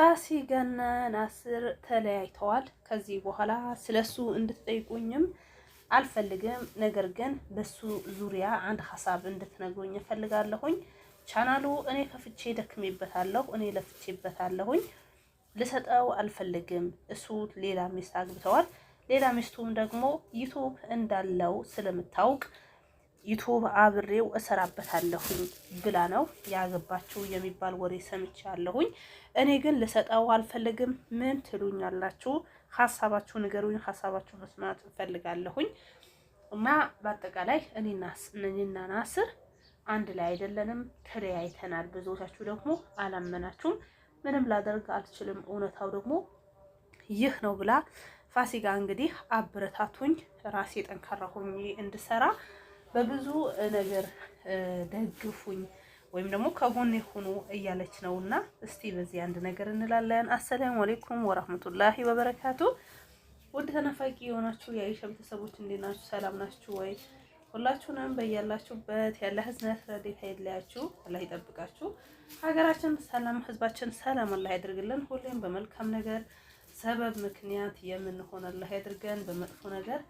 ፋሲካና ናስር ተለያይተዋል። ከዚህ በኋላ ስለሱ እንድትጠይቁኝም አልፈልግም። ነገር ግን በሱ ዙሪያ አንድ ሀሳብ እንድትነግሩኝ እፈልጋለሁኝ። ቻናሉ እኔ ከፍቼ ደክሜበታለሁ፣ እኔ ለፍቼበታለሁኝ። ልሰጠው አልፈልግም። እሱ ሌላ ሚስት አግብተዋል። ሌላ ሚስቱም ደግሞ ዩቱብ እንዳለው ስለምታውቅ ዩቱብ አብሬው እሰራበታለሁኝ ብላ ነው ያገባችው የሚባል ወሬ ሰምቻለሁኝ። እኔ ግን ልሰጠው አልፈልግም። ምን ትሉኛላችሁ? ሀሳባችሁ ንገሩኝ። ሀሳባችሁ መስማት እፈልጋለሁኝ። እና በአጠቃላይ እኔና ናስር አንድ ላይ አይደለንም፣ ተለያይተናል። ብዙዎቻችሁ ደግሞ አላመናችሁም። ምንም ላደርግ አልችልም፣ እውነታው ደግሞ ይህ ነው ብላ ፋሲካ እንግዲህ አበረታቱኝ፣ ራሴ ጠንካራ ሆኜ እንድሰራ በብዙ ነገር ደግፉኝ ወይም ደግሞ ከጎን ሁኑ እያለች ነው እና እስቲ በዚህ አንድ ነገር እንላለን። አሰላሙ አሌይኩም ወራህመቱላሂ ወበረካቱ። ውድ ተነፋቂ የሆናችሁ የአይሸ ቤተሰቦች እንዴት ናችሁ? ሰላም ናችሁ ወይ? ሁላችሁንም በያላችሁበት ያለ ህዝነት ረዴት አይለያችሁ፣ አላህ ይጠብቃችሁ። ሀገራችን ሰላም፣ ህዝባችን ሰላም አላህ ያድርግልን። ሁሌም በመልካም ነገር ሰበብ ምክንያት የምንሆን አላህ ያድርገን፣ በመጥፎ ነገር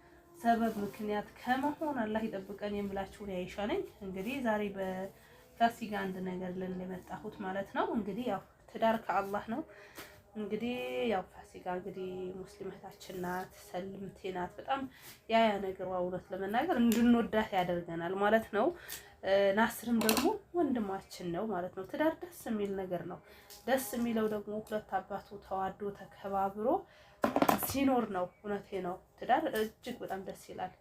ሰበብ ምክንያት ከመሆን አላህ ይጠብቀን የምላችሁ ነው። አይሻ ነኝ እንግዲህ ዛሬ በፋሲካ አንድ ነገር ልን የመጣሁት ማለት ነው። እንግዲህ ያው ትዳር ከአላህ ነው። እንግዲህ ያው ፋሲካ እንግዲህ ሙስሊም እህታችን ናት፣ ሰልምቴ ናት። በጣም ያ ያ እውነት ለመናገር እንድንወዳት ያደርገናል ማለት ነው። ናስርም ደግሞ ወንድማችን ነው ማለት ነው። ትዳር ደስ የሚል ነገር ነው። ደስ የሚለው ደግሞ ሁለት አባቱ ተዋዶ ተከባብሮ ሲኖር ነው። እውነቴ ነው። ትዳር እጅግ በጣም ደስ ይላል።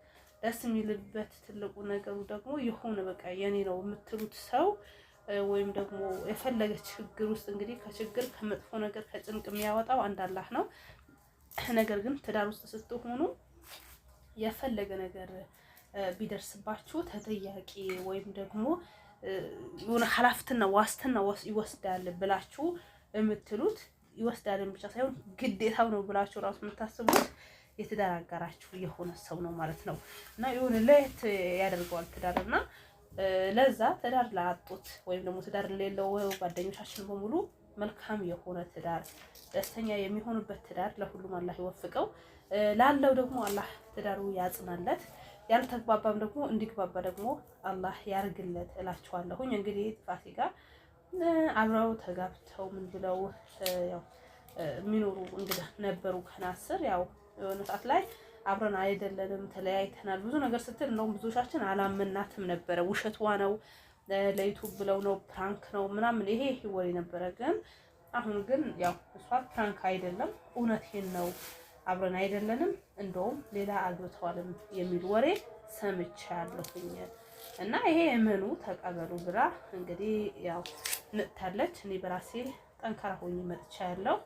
ደስ የሚልበት ትልቁ ነገሩ ደግሞ የሆነ በቃ የኔ ነው የምትሉት ሰው ወይም ደግሞ የፈለገ ችግር ውስጥ እንግዲህ ከችግር ከመጥፎ ነገር ከጭንቅ የሚያወጣው አንድ አላህ ነው። ነገር ግን ትዳር ውስጥ ስትሆኑ የፈለገ ነገር ቢደርስባችሁ ተጠያቂ ወይም ደግሞ የሆነ ኃላፊነትና ዋስትና ይወስዳል ብላችሁ የምትሉት ይወስዳልን ብቻ ሳይሆን ግዴታው ነው ብላችሁ ራሱ የምታስቡት የትዳር አጋራችሁ የሆነ ሰው ነው ማለት ነው። እና የሆነ ለየት ያደርገዋል ትዳር እና ለዛ ትዳር ላጡት ወይም ደግሞ ትዳር ለሌለው ጓደኞቻችን በሙሉ መልካም የሆነ ትዳር ደስተኛ የሚሆኑበት ትዳር ለሁሉም አላህ ይወፍቀው። ላለው ደግሞ አላህ ትዳሩ ያጽናለት፣ ያልተግባባም ደግሞ እንዲግባባ ደግሞ አላህ ያርግለት እላችኋለሁኝ። እንግዲህ ፋሲካ አብረው ተጋብተው ምን ብለው ያው የሚኖሩ እንግዳ ነበሩ። ከናስር ያው የሆነ ሰዓት ላይ አብረን አይደለንም ተለያይተናል ብዙ ነገር ስትል ነው። ብዙዎቻችን አላመናትም ነበረ። ውሸቷ ነው ለዩቱብ ብለው ነው ፕራንክ ነው ምናምን ይሄ ወሬ ነበረ። ግን አሁን ግን ያው እሷ ፕራንክ አይደለም እውነቴን ነው አብረን አይደለንም እንደውም ሌላ አግብተዋልም የሚል ወሬ ሰምቻለሁኝ እና ይሄ እመኑ ተቀበሉ ብላ እንግዲህ ያው መጥታለች። እኔ በራሴ ጠንካራ ሆኜ መጥቻ ያለው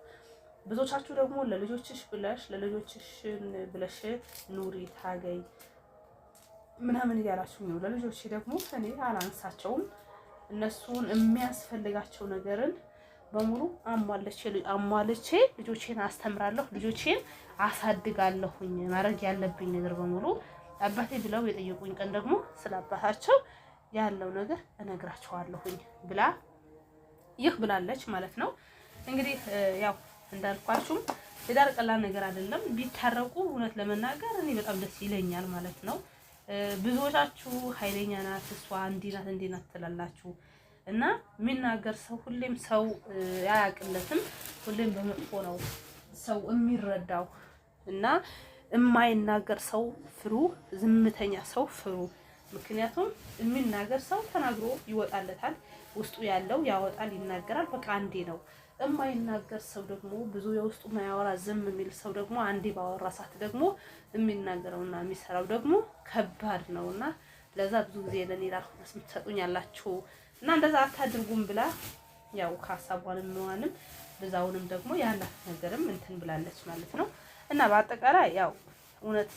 ብዙዎቻችሁ ደግሞ ለልጆችሽ ብለሽ ለልጆችሽ ብለሽ ኑሪ ታገኝ ምናምን እያላችሁ ነው። ለልጆች ደግሞ እኔ አላንሳቸውም። እነሱን የሚያስፈልጋቸው ነገርን በሙሉ አሟልቼ ልጆቼን አስተምራለሁ፣ ልጆቼን አሳድጋለሁኝ። ማድረግ ያለብኝ ነገር በሙሉ አባቴ ብለው የጠየቁኝ ቀን ደግሞ ስለ አባታቸው ያለው ነገር እነግራቸዋለሁኝ ብላ ይህ ብላለች ማለት ነው። እንግዲህ ያው እንዳልኳችሁም ትዳር ቀላል ነገር አይደለም። ቢታረቁ እውነት ለመናገር እኔ በጣም ደስ ይለኛል ማለት ነው። ብዙዎቻችሁ ኃይለኛ ናት እሷ እንዲህ ናት እንዲህ ናት ትላላችሁ እና የሚናገር ሰው ሁሌም ሰው አያውቅለትም። ሁሌም በመጥፎ ነው ሰው የሚረዳው እና የማይናገር ሰው ፍሩ፣ ዝምተኛ ሰው ፍሩ። ምክንያቱም የሚናገር ሰው ተናግሮ ይወጣለታል። ውስጡ ያለው ያወጣል፣ ይናገራል። በቃ አንዴ ነው። የማይናገር ሰው ደግሞ ብዙ የውስጡ ማያወራ ዝም የሚል ሰው ደግሞ አንዴ ባወራ ሰዓት ደግሞ የሚናገረውና የሚሰራው ደግሞ ከባድ ነው እና ለዛ ብዙ ጊዜ ለኔ ላልኩ መስም ትሰጡኝ ያላችሁ እና እንደዛ አታድርጉም ብላ ያው ከሀሳቧንም ምዋንም ብዛውንም ደግሞ ያላት ነገርም እንትን ብላለች ማለት ነው እና በአጠቃላይ ያው እውነት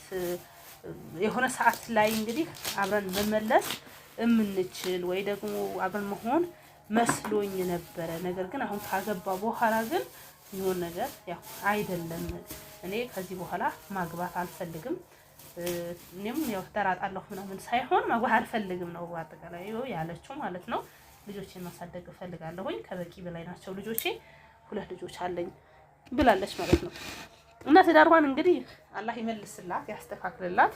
የሆነ ሰዓት ላይ እንግዲህ አብረን መመለስ የምንችል ወይ ደግሞ አብረን መሆን መስሎኝ ነበረ። ነገር ግን አሁን ካገባ በኋላ ግን ይሆን ነገር ያው አይደለም። እኔ ከዚህ በኋላ ማግባት አልፈልግም። እኔም ያው ተራጣለሁ ምናምን ሳይሆን ማግባት አልፈልግም ነው አጠቃላይ ያለችው ማለት ነው። ልጆቼን ማሳደግ እፈልጋለሁኝ። ከበቂ በላይ ናቸው ልጆቼ፣ ሁለት ልጆች አለኝ ብላለች ማለት ነው። እና ትዳርዋን እንግዲህ አላህ ይመልስላት፣ ያስተካክልላት።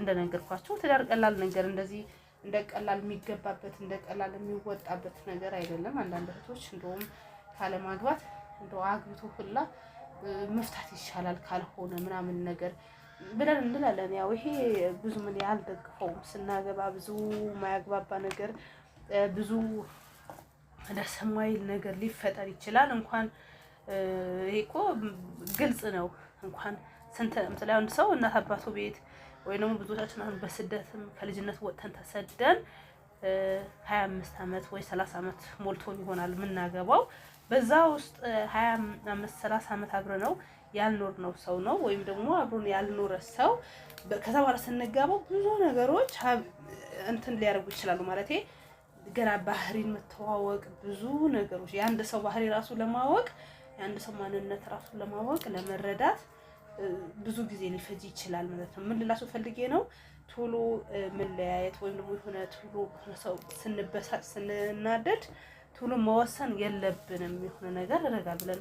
እንደነገርኳቸው ትዳር ቀላል ነገር እንደዚህ እንደ ቀላል የሚገባበት እንደ ቀላል የሚወጣበት ነገር አይደለም። አንዳንድ እህቶች እንደውም ካለማግባት እንደ አግብቶ ሁላ መፍታት ይሻላል ካልሆነ ምናምን ነገር ብለን እንላለን። ያው ይሄ ብዙ ምን ያልደግፈውም። ስናገባ ብዙ ማያግባባ ነገር ብዙ ደስ የማይል ነገር ሊፈጠር ይችላል። እንኳን ይሄ እኮ ግልጽ ነው። እንኳን ስንት አንድ ሰው እናት አባቱ ቤት ወይም ደግሞ ብዙዎቻችን አሁን በስደትም ከልጅነት ወጥተን ተሰደን ሀያ አምስት ዓመት ወይ ሰላሳ ዓመት ሞልቶን ይሆናል የምናገባው። በዛ ውስጥ ሀያ አምስት ሰላሳ ዓመት አብረ ነው ያልኖር ነው ሰው ነው ወይም ደግሞ አብሮን ያልኖረ ሰው ከዛ በኋላ ስንጋባው ብዙ ነገሮች እንትን ሊያደርጉ ይችላሉ። ማለት ገና ባህሪን መተዋወቅ ብዙ ነገሮች የአንድ ሰው ባህሪ ራሱ ለማወቅ የአንድ ሰው ማንነት ራሱ ለማወቅ ለመረዳት ብዙ ጊዜ ሊፈጅ ይችላል ማለት ነው። ምን ልላችሁ ፈልጌ ነው ቶሎ መለያየት ወይም ደግሞ የሆነ ቶሎ ሰው ስንበሳጭ ስንናደድ ቶሎ መወሰን የለብንም። የሆነ ነገር ረጋ ብለን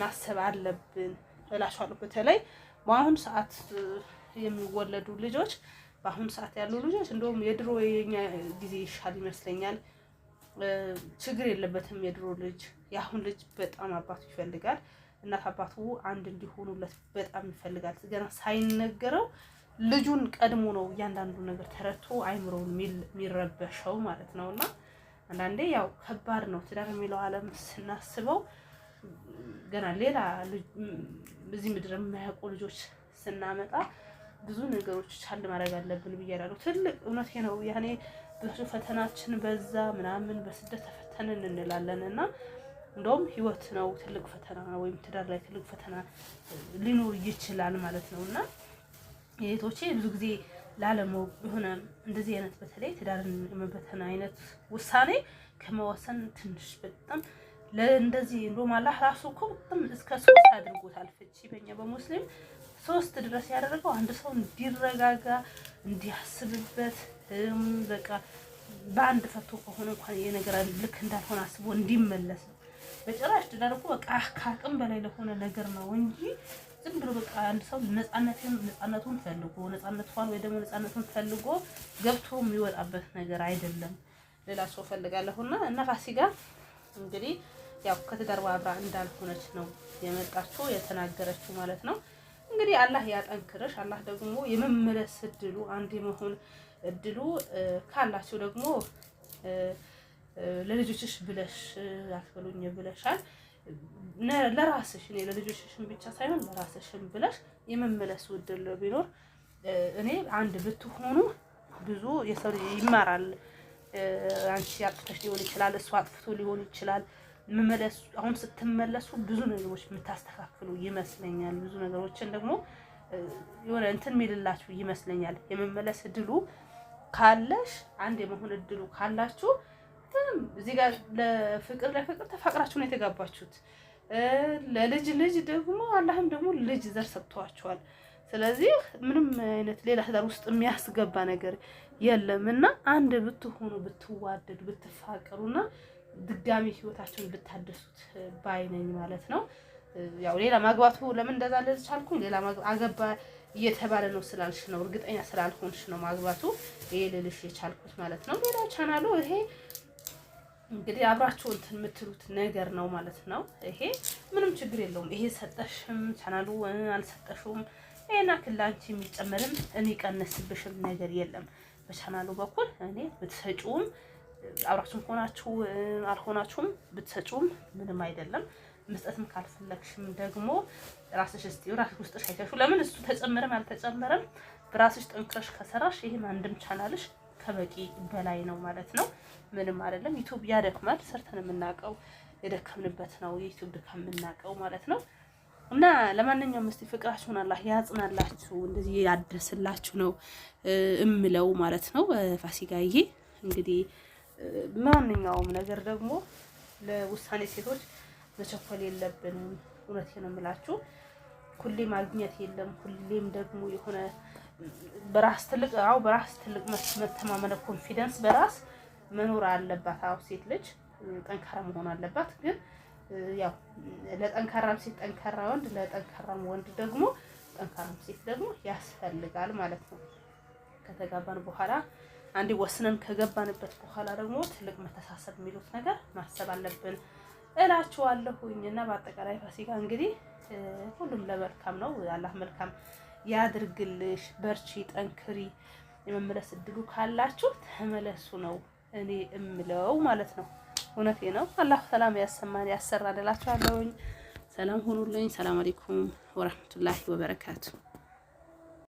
ማሰብ አለብን እላችኋለሁ። በተለይ በአሁኑ ሰዓት የሚወለዱ ልጆች በአሁኑ ሰዓት ያሉ ልጆች እንደውም የድሮ የኛ ጊዜ ይሻል ይመስለኛል። ችግር የለበትም የድሮ ልጅ። የአሁን ልጅ በጣም አባቱ ይፈልጋል። እናት አባቱ አንድ እንዲሆኑለት በጣም ይፈልጋል። ገና ሳይነገረው ልጁን ቀድሞ ነው እያንዳንዱ ነገር ተረድቶ አይምሮውን የሚረበሸው ማለት ነው። እና አንዳንዴ ያው ከባድ ነው ትዳር የሚለው ዓለም ስናስበው ገና ሌላ በዚህ ምድር የማያውቁ ልጆች ስናመጣ ብዙ ነገሮች ቻል ማድረግ አለብን ብዬ ትልቅ እውነት ነው። ያኔ ብዙ ፈተናችን በዛ ምናምን በስደት ተፈተንን እንላለን እና እንደውም ህይወት ነው ትልቅ ፈተና ወይም ትዳር ላይ ትልቅ ፈተና ሊኖር ይችላል ማለት ነው እና የቶቼ ብዙ ጊዜ ላለመው የሆነ እንደዚህ አይነት በተለይ ትዳርን የመበተን አይነት ውሳኔ ከመወሰን ትንሽ በጣም ለእንደዚህ እንደውም ራሱ እኮ በጣም እስከ ሶስት አድርጎታል። ፍቺ በእኛ በሙስሊም ሶስት ድረስ ያደረገው አንድ ሰው እንዲረጋጋ እንዲያስብበት በቃ በአንድ ፈቶ ከሆነ እንኳን የነገር ልክ እንዳልሆነ አስቦ እንዲመለስ በጭራሽ ትዳር እኮ በቃ ከአቅም በላይ ለሆነ ነገር ነው እንጂ ዝም ብሎ በቃ አንድ ሰው ነፃነትን ነፃነቱን ፈልጎ ነፃነቷን ወይ ደግሞ ነፃነቱን ፈልጎ ገብቶ የሚወጣበት ነገር አይደለም። ሌላ ሰው ፈልጋለሁና እና ፋሲካ እንግዲህ ያው ከትዳር አብራ እንዳልሆነች ነው የመጣችው የተናገረችው ማለት ነው። እንግዲህ አላህ ያጠንክርሽ። አላህ ደግሞ የመመለስ እድሉ አንድ የመሆን እድሉ ካላችሁ ደግሞ ለልጆችሽ ብለሽ አትበሉኝ ብለሻል። ለራስሽ እኔ ለልጆችሽም ብቻ ሳይሆን ለራስሽም ብለሽ የመመለስ ውድል ቢኖር እኔ አንድ ብትሆኑ ብዙ የሰው ይማራል። አንቺ አጥፍተሽ ሊሆን ይችላል፣ እሱ አጥፍቶ ሊሆን ይችላል። መመለሱ አሁን ስትመለሱ ብዙ ነገሮች የምታስተካክሉ ይመስለኛል። ብዙ ነገሮችን ደግሞ የሆነ እንትን የሚልላችሁ ይመስለኛል። የመመለስ እድሉ ካለሽ አንድ የመሆን እድሉ ካላችሁ ሁለትም እዚህ ጋር ለፍቅር ለፍቅር ተፋቅራችሁ ነው የተጋባችሁት። ለልጅ ልጅ ደግሞ አላህም ደግሞ ልጅ ዘር ሰጥቷቸዋል። ስለዚህ ምንም አይነት ሌላ ትዳር ውስጥ የሚያስገባ ነገር የለም እና አንድ ብትሆኑ ብትዋደዱ ብትፋቀሩና ድጋሚ ህይወታቸውን ብታደሱት ባይነኝ ማለት ነው። ያው ሌላ ማግባቱ ለምን እንደዛ ለዚ ቻልኩኝ ሌላ አገባ እየተባለ ነው ስላልሽ ነው እርግጠኛ ስላልሆንሽ ነው ማግባቱ ይሄ ልልሽ የቻልኩት ማለት ነው። ሌላ ቻናሉ ይሄ እንግዲህ አብራችሁ እንትን የምትሉት ነገር ነው ማለት ነው። ይሄ ምንም ችግር የለውም። ይሄ ሰጠሽም ቻናሉ አልሰጠሽውም ይሄና ክላንቺ የሚጨመርም እኔ ቀነስብሽም ነገር የለም። በቻናሉ በኩል እኔ ብትሰጪውም አብራችሁም ሆናችሁ አልሆናችሁም ብትሰጪውም ምንም አይደለም። መስጠትም ካልፈለግሽም ደግሞ ራስሽ እስቲ ራስሽ ውስጥ አይተሽው ለምን እሱ ተጨመረም አልተጨመረም በራስሽ ጠንክረሽ ከሰራሽ ይሄም አንድም ቻናልሽ ከበቂ በላይ ነው ማለት ነው። ምንም አይደለም። ዩቲዩብ ያደክማል። ሰርተን የምናውቀው የደከምንበት ነው። የዩቲዩብ ድካም የምናውቀው ማለት ነው። እና ለማንኛውም እስቲ ፍቅራችሁን አላህ ያጽናላችሁ፣ እንደዚህ ያደስላችሁ ነው እምለው ማለት ነው። ፋሲካዬ እንግዲህ ማንኛውም ነገር ደግሞ ለውሳኔ ሴቶች መቸኮል የለብንም። እውነት ነው የምላችሁ። ሁሌ ማግኘት የለም ሁሌም ደግሞ የሆነ በራስ ትልቅ አው በራስ ትልቅ መተማመን ኮንፊደንስ በራስ መኖር አለባት። አው ሴት ልጅ ጠንካራ መሆን አለባት። ግን ያው ለጠንካራም ሴት ጠንካራ ወንድ፣ ለጠንካራም ወንድ ደግሞ ጠንካራም ሴት ደግሞ ያስፈልጋል ማለት ነው። ከተጋባን በኋላ አንዴ ወስነን ከገባንበት በኋላ ደግሞ ትልቅ መተሳሰብ የሚሉት ነገር ማሰብ አለብን እላችኋለሁኝ እና በአጠቃላይ ፋሲካ እንግዲህ ሁሉም ለመልካም ነው። አላህ መልካም ያድርግልሽ፣ በርቺ፣ ጠንክሪ። የመመለስ እድሉ ካላችሁ ተመለሱ ነው እኔ እምለው ማለት ነው። እውነቴ ነው። አላህ ሰላም ያሰማን ያሰራን እላችኋለሁኝ። ሰላም ሁኑልኝ። ሰላም አለይኩም ወረህመቱላሂ ወበረካቱ።